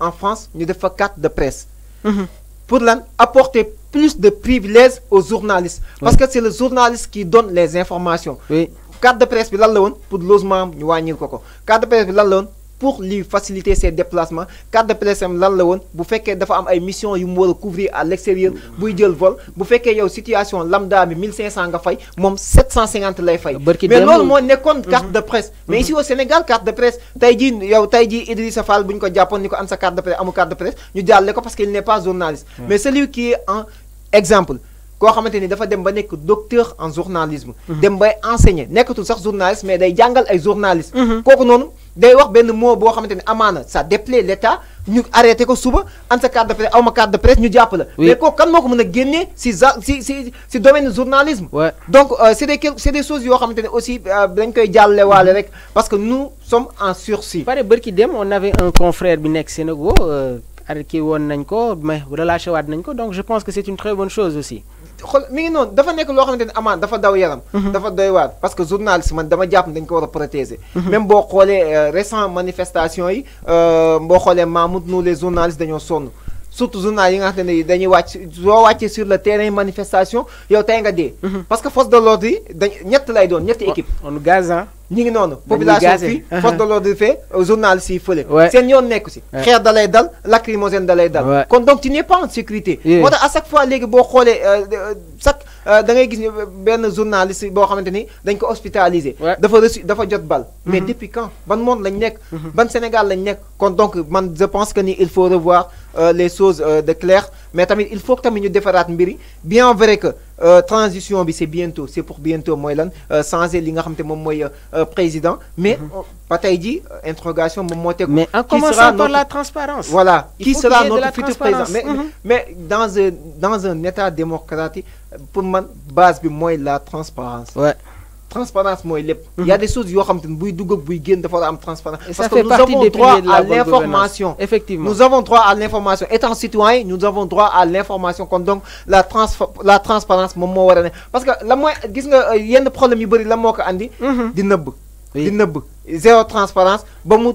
en France nous devons faire carte de presse. Mhm. pour apporter plus de privilèges aux journalistes. parce que c'est les journalistes qui donnent les informations. carte de presse c'est lan pour logement nous avons Une carte de presse lan a pour lui faciliter ses déplacements carte de PSM lan la woon bu vous dafa am ay missions yu mu vous couvrir à l'extérieur, vous buy le vol bu a une situation lambda bi 1500 nga fay 750 lay fay. mais loolu pas nekkoon carte mhm. de presse. mais mhm. ici au Sénégal carte de presse tey jii yow tey jii Idrissa Fall bu ñu ko jàppoon ni ko am sa carte de presse amu carte de presse ñu à ko parce qu'il n'est pas journaliste. mais celui qui est un exemple. koo xamante a dafa dem ba docteur en journalisme. Mhm. dem n'est enseigner nekkatul sax journaliste mais day jàngal ay journaliste day wax benn mot boo xamante ne amaana ça déplaît l'État ñu arrêté ko suba am sa carte de presse aw ma carte de presse ñu jàpp la. mais kooku kan moo ko mën a génnee si si si si domaine journalisme. donc euh, c'est des c'est des choses yoo xamante ne aussi euh, dañ koy jàllale waale rek parce que nous sommes en sursis. pare Barki dem on avait un confrère bi nekk Sénégal. Euh, arrêté woon nañ ko mais relâché waat nañ ko donc je pense que c'est une très bonne chose aussi. xool non, ngi noonu dafa nekk loo xamante ne dafa daw yaram. Mhm. dafa doy waat parce que journaliste man dama jàpp ne dañ ko war protéger. Mhm. même boo xoolee euh, récent manifestation yi euh, boo xoolee Mahmoud nous les journalistes dañoo sonn. surtout journal yi nga xam ne dañuy sur le terrain manifestation yow tey nga dee. Mhm. parce que force de l'ordre yi dañ ñett lay doon ñetti équipe. on gaz hein ñi ngi noonu population fii force de l'ordre fee journal yi fële seen yoon nekku si xeer da lay dal lacrymogène da lay dal kon donc tu n'es pas en sécurité moo tax à chaque fois léegi boo xoolee euh, euh, chaque euh, da ngay gis benn journaliste boo xamante ni dañ ko hospitalisé dafa reçu dafa jot bal mm-hmm. mais depuis quand ban monde lañ nekk mm-hmm. ban Sénégal lañ nekk kon donc man je pense que ni il faut revoir les choses de clair mais tamit il faut que tamit ñu defaraat mbiri bien vrai que euh, transition c'est bientôt c'est pour bientôt sans lan euh, changer li nga euh, président mais tu mhm. tey dit, interrogation mom moté mais en commençant par la transparence voilà qui sera notre futur président mhm. mais dans un dans un état démocratique pour base bi moy la transparence ouais transparence moy il mhm. y a des choses qui xam très buy dugg ak buy génn dafa parce que nous avons droit à l'information effectivement nous avons droit à l'information étant citoyen nous avons droit à l'information comme donc la trans la transparence moom parce que la moy gis nga euh, yenn problème yu bari la moko andi. Mhm. di neub di neub zéro transparence ba mu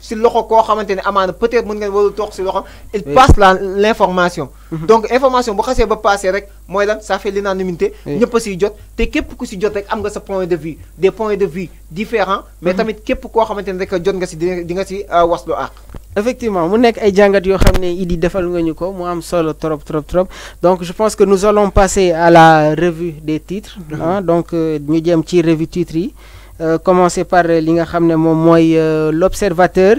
si loxo ko xamanteni amana peut-être mën nga warul tok si loxo il passe la l'information mhm. donc information bu xasse ba passer rek moy lan ça fait l'unanimité ñepp a jot te képp ku ci jot rek am nga sa point de vue des points de vue différents mais mhm. tamit képp ko xamanteni rek jot nga ci di nga ci euh, waslu ak effectivement mu nek ay jangat yo xamné idi defal nga ñuko mu am solo trop trop trop donc je pense que nous allons passer à la revue des titres mhm. hein donc euh, ñu jëm ci revue titres yi euh, commencer par euh, l'observateur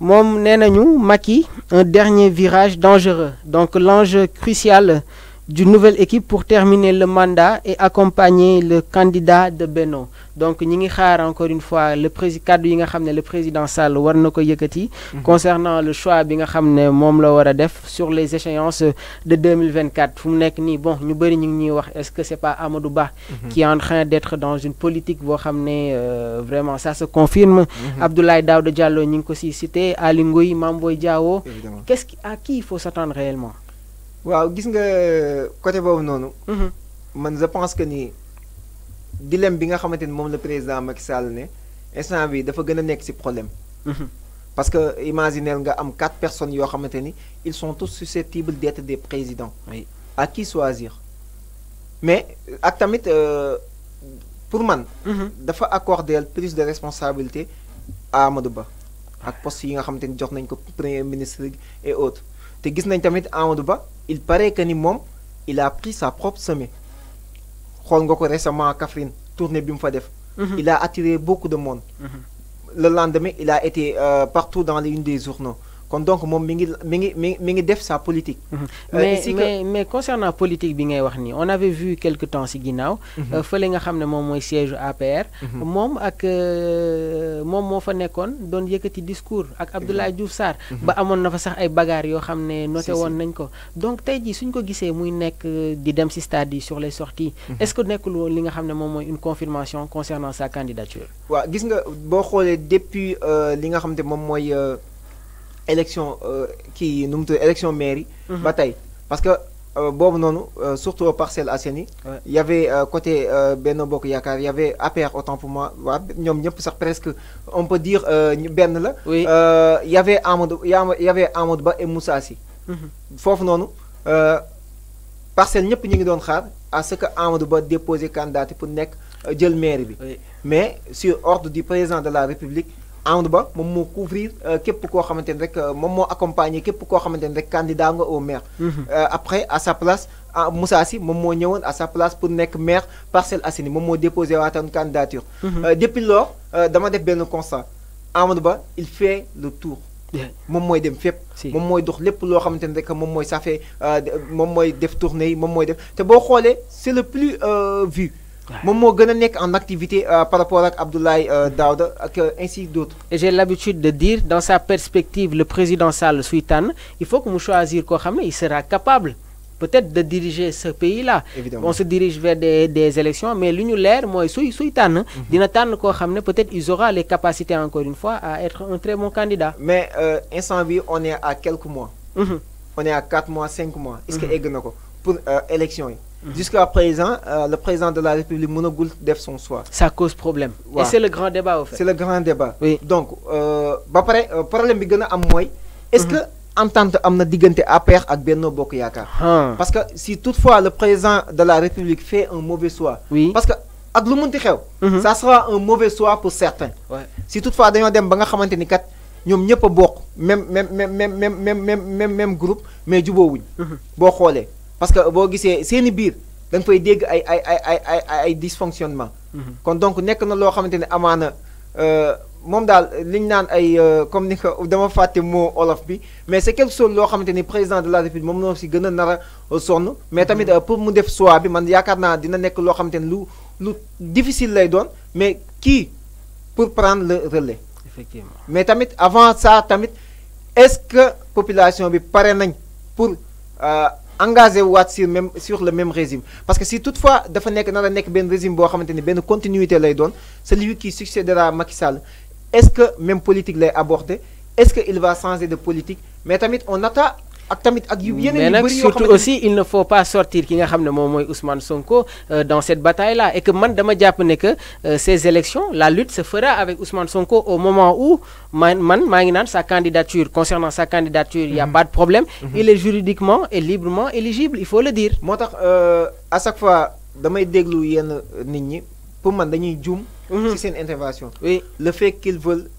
Mom un dernier virage dangereux donc l'ange crucial d'une nouvelle équipe pour terminer le mandat et accompagner le candidat de Beno. donc nous avons encore une fois le président le président Sall Warnoko Yekati, mhm. concernant le choix de nga Waradef sur les échéances de 2024 bon nous est-ce que n'est pas Amadou mhm. qui est en train d'être dans une politique pour euh, vraiment ça se confirme. Mhm. Abdoulaye Daouda Diallo nous avons aussi cité Alingoui, Ngouille qu'est-ce à qui il faut s'attendre réellement waaw gis nga euh, côté boobu noonu. Mhm. man je pense que ni dilemme bi nga xamante ni moom la président Macky Sall ne instant bi dafa gën a nekk ci problème. Mhm. parce que imaginer nga am quatre personnes yoo xamante ni ils sont tous susceptibles d'être des présidents. oui à qui choisir. mais ak tamit euh, pour man. Mhm. dafa accorder plus de responsabilité à Amadou Ba. ak poste yi nga xamante ni jox nañ ko premier ministre et autres te gis nañ tamit Amadou Ba il paraît que imam, il a pris sa propre semée récemment tourné mhm. il a attiré beaucoup de monde. Mhm. le lendemain il a été euh, partout dans les une des journaux kon donc moom mi ngi mi ngi mi ngi def sa politique. Mhm. Euh, mais mais concernant concernant politique bi ngay wax nii on avait vu quelque temps si ginnaaw. Mhm. Euh, fële nga xam ne moom mooy siège APR. Mhm. moom ak euh, moom moo fa nekkoon doon yëkkati discours ak Abdoulaye Diouf Sarr. ba amoon na fa sax ay bagarre yoo xam ne noté woon nañ ko. donc tey jii suñ ko gisee muy nekk di dem ci stade yi sur les sorties. est-ce que nekkul woon li nga xam ne moom mooy une confirmation concernant sa candidature. waaw gis nga boo xoolee depuis li nga xam ne moom mooy élection qui euh, nous élection mairie. Mhm. bataille parce que euh, bon non euh, surtout Parcelles il y avait côté Benno yakar il y avait APR autant pour moi presque on peut dire ben la. il y avait il y avait Amadou Ba et Moussa si mhm. foofu non parcelle ñep ñi ngi doon xaar à ce que Amadou Ba déposer candidat pour nek jël mairie mais sur ordre du président de la République. Amadou Ba moom moo couvrir euh, képp koo xamante ni rek euh, moom moo accompagner képp koo xamante ni rek candidat nga au maire. Mhm. Euh, après à sa place ah, Moussa si moom moo ñëwoon à sa place pour nekk maire Parcelles Assainies moom moo déposé waatoon candidature. Mhm. depuis lors dama def benn constat Amadou Ba il fait le tour. moom mooy dem fépp. moom mooy dox lépp loo xamante ne rek moom mooy safee moom mooy def tournée yi moom mooy def te boo xoolee c'est le plus vu moom moo gëna nek en activité euh, par rapport à Abdoulaye euh, Daouda ak euh, ainsi d'autres. j'ai l'habitude de dire dans sa perspective le président Sall Suitan il faut que mu choisir ko il sera capable peut-être de diriger ce pays-là. on se dirige vers des élections mais l'Union l'air, moi, je suy suy dina tan ko peut-être il aura les capacités encore une fois à être un très bon candidat. mais instant on est à quelques mois. Mhm. on est à 4 mois 5 mois. est-ce que mhm. est pour élection élections. Jusqu'à présent, euh, le président de la République Monogoul def son choix. Ça cause problème. Et c'est le grand débat, en fait. C'est le grand débat. Donc, le euh, euh, problème bi est-ce que mhm. entente amna digënté APR ak Benno Bokk ah. Parce que si toutefois le président de la République fait un mauvais choix. Parce que ak mhm. Ça sera un mauvais choix pour certains. Si toutefois dañoo dem ba nga qui ni kat ñoom ñëpp bokk même même même même même même même groupe mais jubóowuñ. Mhm. boo xoolee parce que boo gisee biir da fay dégg ay ay ay dysfonctionnement mhm. kon donc na comme ni ko dama mais c'est ni président de la république a mais tamit mhm. euh, pour mu def man dina lu difficile mais qui pour prendre le relais mais tamit avant ça tamit est-ce que population bi pare pour euh, engagé ou sur sur le même régime parce que si toutefois il y a un régime qui xamanteni ben continuité lay celui qui succédera Macky Sall est-ce que même politique lay aborder est-ce qu'il va changer de politique mais tamit on attend ak surtout aussi il ne faut pas sortir ki nga xam Ousmane Sonko euh, dans cette bataille là et que man dama ne que euh, ces élections la lutte se fera avec Ousmane Sonko au moment où man man sa candidature concernant sa candidature il y a mm-hmm. pas de problème mm-hmm. il est juridiquement et librement éligible il faut le dire moo euh, à chaque fois damay déglu yenn nit ñi pour man dañuy jum mm-hmm. intervention oui le fait qu'ils veulent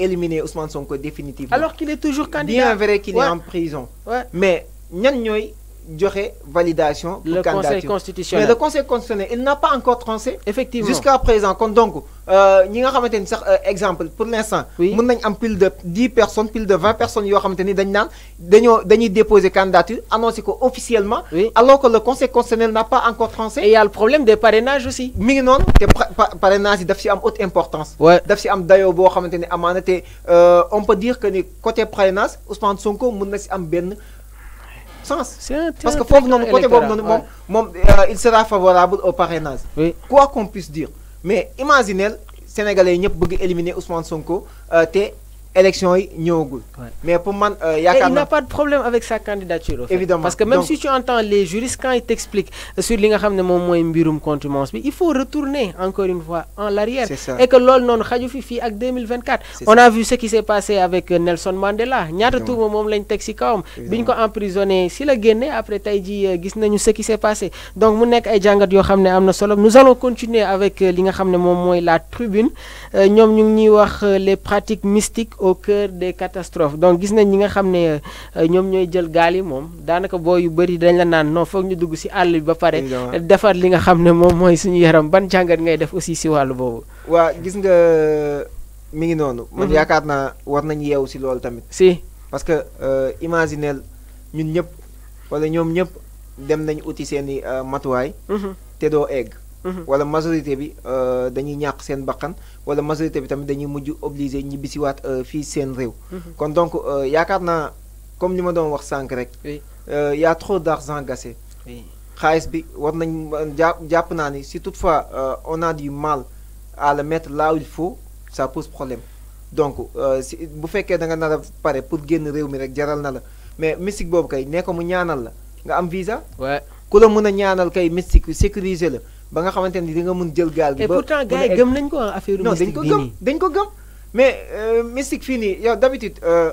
éliminer Ousmane Sonko définitivement. Alors qu'il est toujours candidat. Bien vrai qu'il est en prison. Mais ñan durée validation. le conseil constitutionnel mais le conseil constitutionnel il n'a pas encore tranché. effectivement jusqu'à présent donc euh, ñi nga euh, exemple pour l'instant. on mën nañ pile de 10 personnes pile de 20 personnes qui ont déposé dañ candidature annoncé officiellement. alors que le conseil constitutionnel n'a pas encore tranché. et il y a le problème des parrainages aussi. mais non les parrainage a une haute importance. daf euh, on peut dire que du côté parrainage Ousmane Sonko mën sens. parce que foofu noonu côté boobu noonu moom moom euh, il sera favorable au parrainage. oui quoi qu'on puisse dire mais imaginez sénégalais yi ñëpp bëgg éliminer Ousmane Sonko euh, te. élection il mais pour man euh, il n'a pas de problème avec sa candidature. évidemment parce que même si tu entends les juristes quand ils t'expliquent sur li nga de ne contre il faut retourner encore une fois en l'arrière. et que l'ol non xaju fifi ak 2024. on a vu ce qui s'est passé avec euh, Nelson Mandela ñaata tuuma mom lañ tek ci kawam. biñ ko emprisonné si la gagné après tey ji euh, gis nañu ce qui s'est passé donc mu nek ay jangat yo xam amna solo nous allons continuer avec li nga la tribune ñom ñu ngi wax les pratiques mystiques. au cœur des catastrophes donc gis nañ ñi nga xam ne euh, ñoom ñooy jël gaal yi moom daanaka boo yu bëri dañ la naan non foog ñu dugg si àll bi ba pare defar li nga xam ne moom mooy suñu yaram ban jàngat ngay def aussi si wàllu boobu waa gis nga mi ngi noonu man mhm. yaakaar naa war nañ yeewu si loolu tamit si parce que euh, imaginel ñun ñëpp wala ñoom ñëpp dem nañ uti seeni euh, matuwaay mhm. te doo egg Mhm. wala majorité bi euh, dañuy ñàkk seen bakkan wala majorité bi tamit dañuy mujj obligé ñibbisiwaat euh, fii seen réew. Mhm. kon donc euh, yaakaar naa comme li ma doon wax sànq rek. y a trop d'argent gassé. xaalis bi war nañ jàpp jàpp naa ni si toutefois on a du mal à le mettre là où il faut ça pose problème donc si bu fekkee da nga nar a pare pour génn réew mi rek jaral na la mais mystique boobu kay nee ko mu ñaanal la nga am visa. ku la mën a ñaanal kay mystique sécurisé la ba nga xamante ni di nga mën jël gaal gi. ba pourtant gars yi gëm nañ ko hein, affaire mystique bi nii dañ ko gëm dañ ko gëm mais euh, mystique fii nii yow d'habitude euh,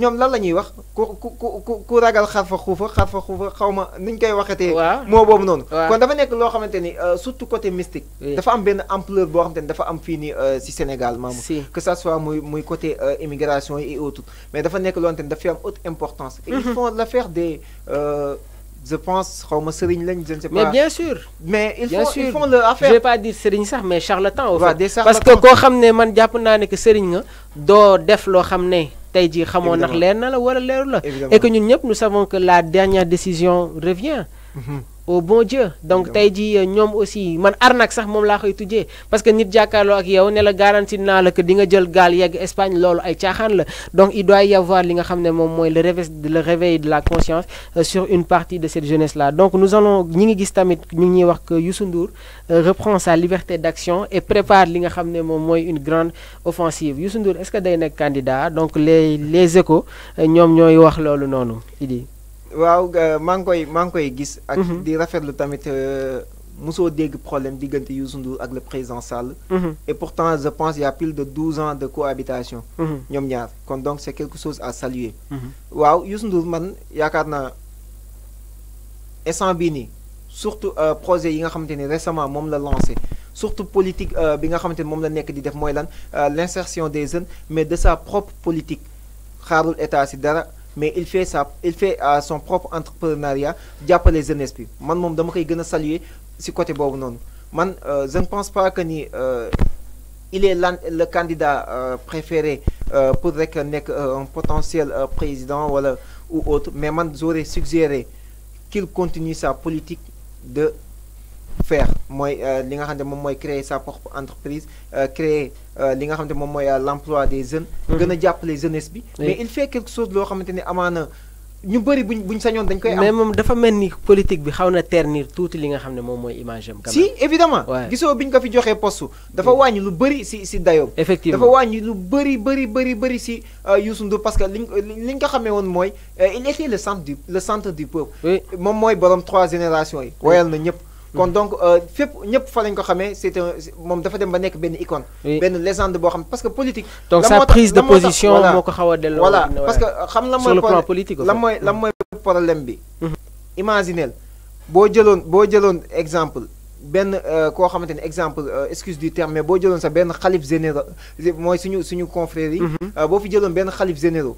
ñoom lan la ñuy wax ku ku ku ku ragal xarfa fa xuufa xar fa xuufa xaw ma nuñ koy waxatee. moo boobu noonu. kon dafa nekk loo xamante ni euh, surtout côté mystique. dafa am benn ampleur boo xamante ni dafa am fii nii si Sénégal maam. que ça soit muy muy côté immigration et autres mais dafa nekk loo xamante ni dafa am haute importance. et ils mhm. font l'affaire des je pense comme ma sëriñ je ne sais pas. mais bien sûr. mais ils font ils font leur affaire. je vais pas dire Serigne ça, mais charlatan. au fait parce que quand xam ne man jàpp naa que Serigne, nga doo def loo xam ne. tey jii xamoo ndax na wala la. et que ñun nous savons que la dernière décision revient. Mm-hmm au oh, bon Dieu donc tey jii euh, ñoom aussi man arnaque sax mon la koy tujjee parce que nit jàkkaarloo ak yow ne la garantie naa que di nga jël Espagne loolu ay charles donc il doit y avoir li nga xam ne moom le réveil de la conscience euh, sur une partie de cette jeunesse là donc nous allons ñi ngi gis tamit ñu que Youssou Ndour euh, reprend sa liberté d'action et prépare li nga xam ne moom une grande offensive Youssou Ndour est-ce que day candidat donc les les échos ñoom ñooy wax loolu noonu idi waaw maa ngi koy maa ngi koy gis. ak mhm. di rafetlu tamit euh, mosoo dégg problème diggante Youssou ak le président Sall. Mhm. et pourtant je pense y' a plus de douze ans de cohabitation. Mhm. ñoom ñaar kon donc c'est quelque chose à saluer. waaw Youssou Ndour man yaakaar naa instant bii nii surtout euh, projet yi nga xamante ni récemment moom la lancé. surtout politique euh, bi nga xamante ni moom la nekk di def mooy lan l' insertion des jeunes mais de sa propre politique xaarul état si dara mais il fait ça il fait euh, son propre entrepreneuriat diapo les NSP. man mom dama saluer ci côté man euh, je ne pense pas que ni euh, il est le candidat préféré pour reconnaître un potentiel président voilà ou autre mais man j'aurais suggéré qu'il continue sa politique de faire moi li créer sa propre entreprise créer euh, li nga xamante moom mooy euh, l'emploi des jeunes. Mhm. gën a jàppale jeunesse bi. mais il fait quelque chose loo xamante ne amaana ñu bëri buñ buñ sañoon dañ koy am. mais moom dafa mel ni politique bi xaw na ternir tuuti li nga xam ne moom mooy image am. si évidemment gisoo biñ ko fi joxee poste dafa wàññi lu bëri si si dayoom. effectivement dafa wàññi lu bëri bëri bëri bëri si euh, Youssou Ndour parce que liñ liñ ko xamee woon mooy il était le centre du le centre du peuple. moom mooy borom trois générations yi. woyal na ñëpp donc euh, fépp ñëpp fa lañ ko un moom dafa icône. légende parce que politique. donc sa prise de position moo voilà parce que xam la sur le politique mm. problème bi. Mm-hmm. exemple benn euh, exemple euh, excuse du terme mais boo jëloon sa benn généraux mooy suñu suñu confrères yi. Mm-hmm. fi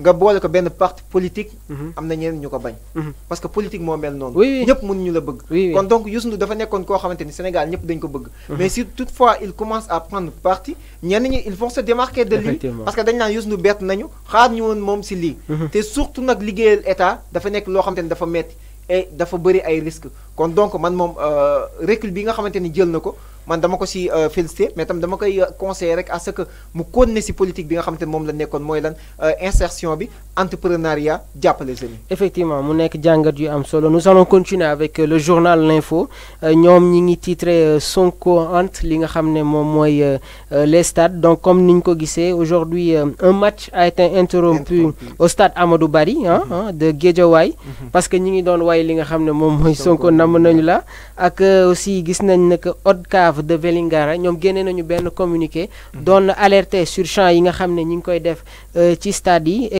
nga boole ko benn parti politique. Mhm. am na ñeneen ñu ko bañ. Mhm. parce que politique moo mel noonu. oui ñëpp ñu la bëgg. kon donc Youssou Ndour dafa nekkoon koo xamante ni Sénégal ñëpp dañ ko bëgg. Mhm. mais si toutefois il commence à prendre parti ñenn ñi il vont se démarquer de lui. parce que dañ naan Youssou Ndour bett nañu xaar ñu woon moom si lii. te surtout nag liggéeyal état dafa nekk loo xamante ni dafa metti et dafa bëri ay risques kon donc man moom euh, recul bi nga xamante ni jël na ko man dama ko si euh, félicité mais tam dama koy euh, conseiller rek à ce que mu continuer si politique bi nga xamante ne moom la nekkoon mooy lan euh, insertion bi entrepreneuriat jàppale jeunes effectivement mu nekk jàngat yu am solo nous allons continuer avec le journal l'info ñoom ñi ngi titré Sonko entre li nga xam ne moom mooy les stades donc comme niñ ko gisee aujourd'hui un match a été interrompu au stade Amadou bari hein, ah mm-hmm. hein, de Guédiawaye mm-hmm. parce que ñi ngi doon way li nga xam ne moom mooy Sonko nam nañu la ak aussi gis nañ ne que cave de Vélingara ñom génne nañu benn communiqué doon alerter sur champ yi nga xamné ñing koy def euh, ci stade yi